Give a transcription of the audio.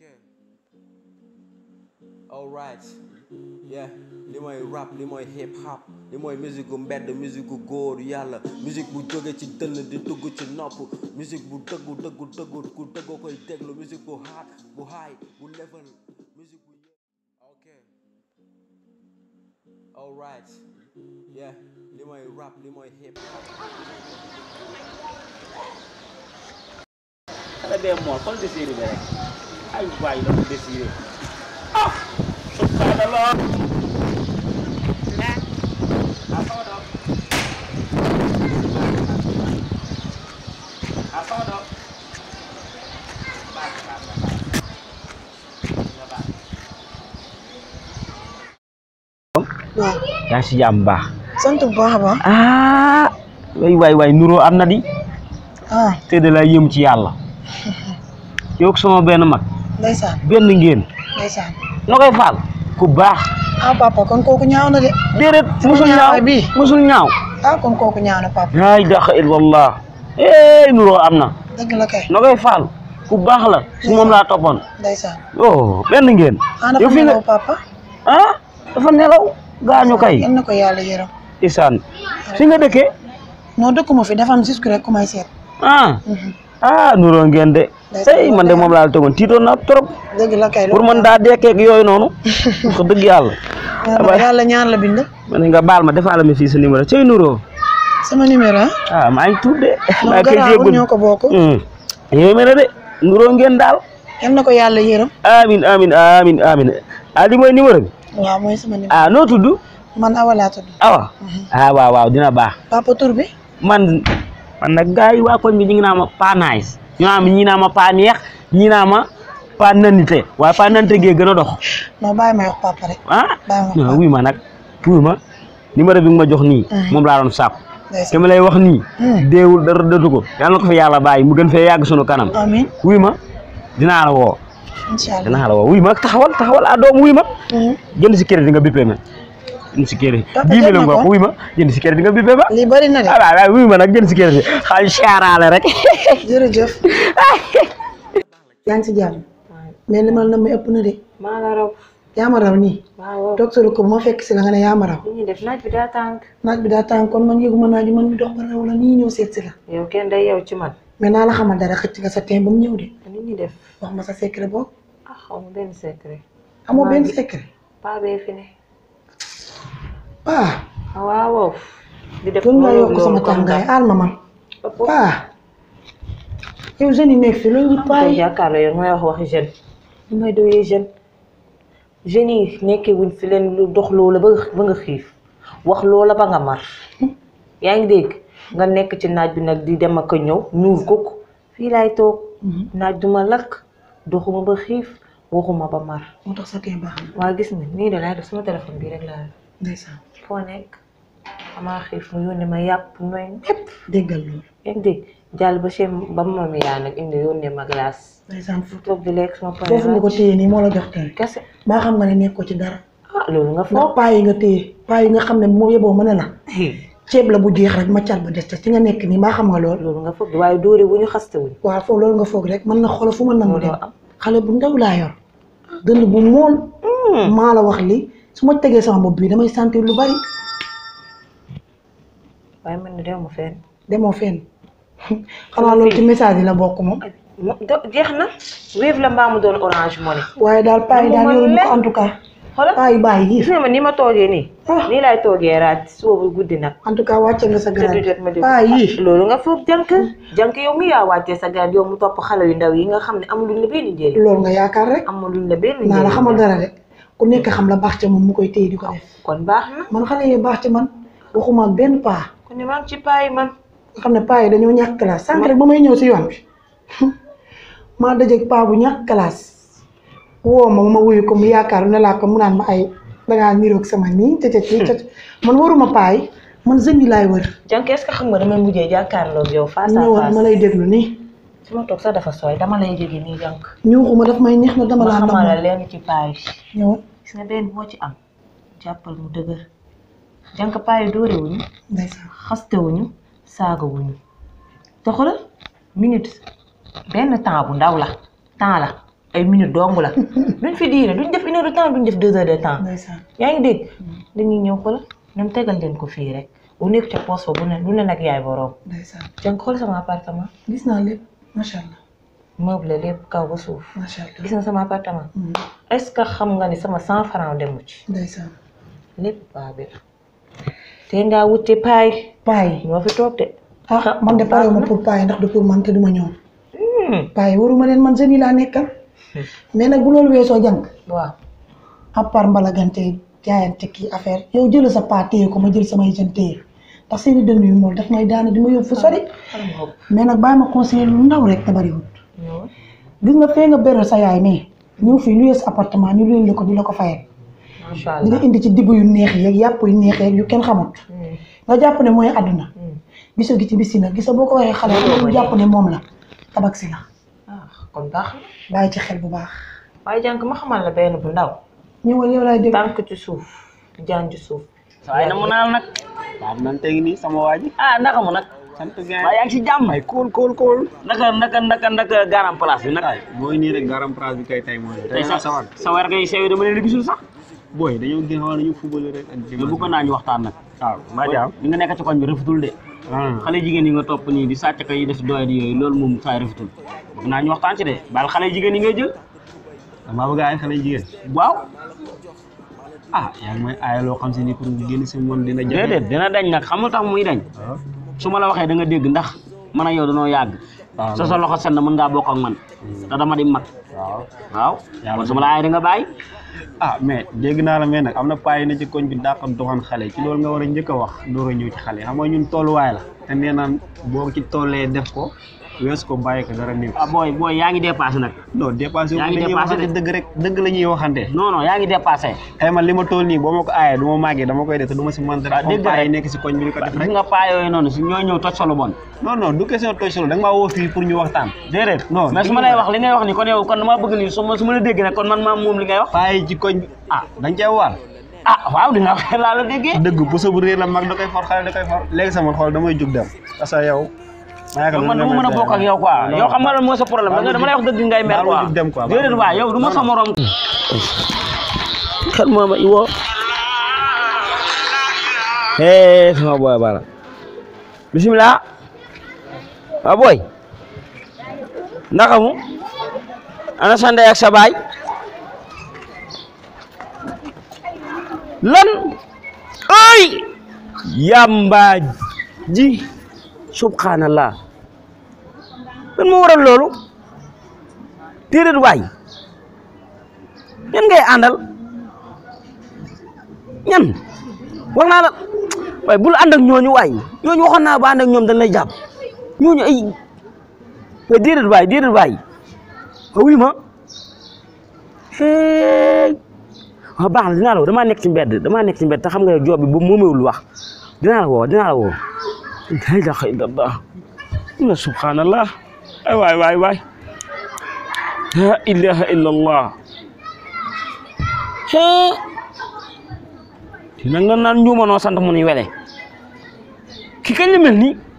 ok alright yeah li mooy rap li mooy hip hop li mooy musique gu mbedd musique gu góor yàlla musique bu jóge ci dënn di dugg ci nopp musique bu dëggu dëggu dëggu ku dëggu koy déglu musique bu hard bu high bu level musique bu yë ok alright yeah li mooy rap li mooy hip hop ay waay la ko désiré ah subhanallah si Santu baba. Ah, way way way nuro amna di. Ah, te de la yëm ci yalla. Yok sama ndeysaan génn ngeen ndeysaan no koy faal ku baax ah papa kon kooku ñaaw na de déedéet musul ñaaw bi musul ñaaw ah kon kooku ñaaw na papa illallah eh la kay no koy ku baax la su oh benn ngeen yow fi nga papa ah dafa nelaw gak kay yal na ko yàlla yërëm isaan fi nga dëkkee non dëkkuma fi dafa am rek ah mhm. ah nuroo ngeen de say man de moom laa la tegoon tiitoon naa trop dëgg la kay pour man daa dekkeeg yooyu noonu wax dëgg yàlla ah, la bind ma ne nga baal ma defaala ma fii sa numéro cay nuroo sama numéro ah? ah maa ngi tudd de maa koy jéggul ñoo ko bokk hmm. yéeme na de nuroo ngeen daal yal na ko yàlla yërëm amin amin amin amin ah li mooy numéro bi waaw mooy sama numéro ah noo tudd man awa laa tudd awa mhm. ah waaw waaw dina baax papa man nag gars yi waa koñ ngi naa ma nice ñu naa ñi naa ma neex ñi naa ma nanité waaye pas nanité gee gën a dox. non bàyyi ma wax papa rek. ah non ah, wuy ma nak wuy ma numéro bi nga ma jox nii. Mm. moom laa doon sàkku. te ma lay wax nii. Mm. deewul dara ko fi mu gën kanam. Amin. wuy ma dinaa la woo. incha allah dinaa la woo wuy ma taxawal taxawal ah doom wuy ma. jënd mm. crédit nga bippé ma. jënd si kër yi. dix millions nga wax wuy ma jënd si kër yi nga bippé ba. lii bëri na de ah waaw wuy ma nag jënd si kër yi xaal caaraale rek. jërëjëf. yaa ngi si jàmm. mais li ma la may ëpp na de. maa la raw. yaa ma raw nii. waaw docteur ko ma fekk si la nga ne yaa ma raw. li ñuy def naaj bi daa tànk. naaj bi daa tànk kon man yëguma naaj man mi dox ba raw la nii ñëw seet si la. yow kenn day yow ci man. mais naa la xamal dara xëcc nga sa teen ba mu ñëw de. li ñuy def wax ma sa secret boobu. ah xaw ma benn secret. amoo benn secret. paa bee fi ne. paa. waaw. di def loolu yokk sama tàngaay aal ma man. paa. yow jeunes yi nekk fi looy wut jeune. jeunes yi nekkee fi leen lu dox loola ba ba nga xiif wax loola ba nga mar. yaa ngi dégg nga nekk ci naaj bi nag di dem ak a ñëw ñuul ko fii laay toog. Mhm. naaj du ma lakk doxuma ba xiif waxuma ba mar. moo tax sa kee baax na. waa gis nga nii da laay def sama téléphone bii rek laa ndeysaan foo nekk amaa xiif mu yónni ma yàpp nooy népp déggal loolu yaa ngi jàll ba chez ba moom yaa nag indi yónnee ma glace ndeysaan fu toog di lekk sama foofu nga ko téye nii moo la jox tey kese maa xam nga ne nekk ci dara ah loolu nga foofu paa yi nga yi nga xam ne moo yeboo ma a la ceeb la bu jeex rek ma cat ba des ci nga nekk nii maa xam nga lool loolu nga foog waaye dóore wu ñu xaste wuñ waaw foofu loolu nga foog rek mën na xolo fu mën na mu dem xale bu ndaw laa yor dënd bu mool hmm. maa la wax li suma tege sama bopp dama damay lu bari. way man de fen fenn. mo fen xana lo ci message la bokku moom. jeexna na. la mbamu mu doon orange money. way dal pay dal daal yoruñu en tout cas. pay bay yi bàyyi ni ma toogee ni ah. ni lay toogee rat suba bu guddi nag. en tout cas wàcce nga sa garab pay yi ah, lolu nga fop jank jank yow mi ya wàccee sa garab yow mu top xale yu ndaw yi nga xam amul amuluñ la benn lolu nga yaakaar rek. amul la benn njëriñ naa la xamal dara rek ku nek xam la bax ci mom mu koy téye diko def. kon bax na man xale yi baax ci man waxuma ben pa ku ne man ci paa yi man. nga xam ne paa yi dañoo ñàkk classe sànq rek bamay ñew ci yoon bi ma dajje pa bu ñak classe wo ma ma wuyu ko mu yaakar na la ko mu naan ma ay niro ak sama ni ca ca ca man waruma paa yi man zëngi lay wër. jank est-ce xam nga dama mujjé jaakar lo yow. fa sa fa ma lay déglu ni sama tok sa dafa soy dama lay jógee ni jank ñu xuma daf may neex na dama la dama la lenn ci paa ñu gis nga benn boo ci am jàppal mu dëgër jànk paayi dóore wuñu xaste wuñu saaga wuñu te xoolal minute benn temps bu ndaw la temps la ay minute dong la duñ fi diire duñ def une heure de temps duñ def deux heures de temps yaa ngi dégg mm. dañuy ñëw xoolal ñoom tegal leen ko fii rek bu nekk ca poos fa bu ne lu ne nag yaay boroom jànk xool sama appartement gis naa lépp macha allah meuble lepp kaw ba suuf gis na sama appartement mm-hmm. est ce que xam nga ni sama cent franc demu ci lépp baa bi la te ngaa wuti paay paay ñoo fi toog de ah man de pare ma pour paay ndax du pour man te duma ñoom hmm. paay waruma leen man seen yi laa nekkal hmm. mais nag bu loolu weesoo jàng waaw à part mbalagante jaayante kii affaire yow jël sa paa téye ko ma jël sama jën téye ndax seen i dënn yu mool daf may daana di ma yóbbu fu sori mais nag bàyyi ma conseiller lu ndaw rek te bariwul gis nga fee nga beral sa yaay mi ñu fi ñu yes appartement ñu leen lako di lako fayé fayal. macha di nga indi ci dibu yu neex yeeg yàpp yu neex yeeg yu kenn xamut. Hmm. nga japp ne moy aduna hmm. gisoo gi ci bis na gisoo boo ko waxee xale yi jàpp ne moom la tabak sina ah kon tax na. ci xel bu baax. waaye jank ma xamal la benn bu ndaw. ñu ñëwal yow lay dem tank ci suuf jaan ci suuf. way na mu naan nak waaw man tey ni sama waji ah naka mu nak sant si jàmm ay cool cool cool naka naka naka naka garam place bi naka mooy nii rek garam place bi kay tey mooy tey sawar sawar kay sew dama leen di gisul sax booy dañoo gën xaw nañu football rek ak jëm bu ko naa ñu waxtaan nag waaw maa jaam li nga nekk ci koñ bi rafetul de yi nga di sàcc kay def doy di yooyu loolu moom saay rafetul bëgg naa ñu waxtaan ci de baal xale jigéen yi ngay jël bëgg ay waaw ah yaa ngi may aayaloo xam si ni pour génn si moom dina jafe dina dañ nag xamul tax muy dañ su ma la waxee da nga dégg ndax man a yow danoo yàgg sa sa loxo senn mën ngaa bokk man hmm. te dama di mag waaw kon su ma la aayee da nga bàyyi ah mais dégg naa la mais nag am na paa yi na ci koñ bi dàq doxan xale ci loolu nga war a njëkk a wax door a ñëw ci xale xam nga ñun tolluwaay la te nee naan boo ci tollee def ko Wes ko bàyyi ko dara ah boy boy yang ngi dépassé nag. non dépassé wu. yaa ngi rek dëgg la waxante. non non yaa ngi dépassé. ma eh. li ma toll nii boo bawa ko aayee dama koy si mën dara. dëgg si koñ bi ko def rek. si ñoo ñëw toj solo bon. non non du question toj solo da nga maa woo pour ñu waxtaan. déedéet non mais su lay wax li ngay wax ni kon yow ya, kon dama bëgg ni su ma la dégg nag kon man li ngay wax. ci ah dañ ah waaw la bu bu for da for sama xool damay juk dem parce man dama mën a bokk ak yow quoi yow xam nga lan moo sa problème da nga dama lay wax dëgg ngay mer quoi déedéet waa yow iwo hee sama boy bala bismillah waa boy nakamu ana sa ndey lan ay yamba ji subhanallah lan moo waral loolu déedéet waay ñan ngay àndal ñan wax la bul ànd ak ñooñu waay ñooñu waxoon naa ba ànd ak ñoom dañ lay jàpp ay waaye déedéet waay déedéet waay wuy ah ma waaw ah, baax na dinaa la woo damaa nekk ci mbedd nekk ci mbedd xam nga yow joob bi wax dinaa la woo woo la ilaha illallah la subhanallah ay waay waay waay la ilaha illallah nang nan naan ñuumanoo sant mu ni wele ki kañ la mel nii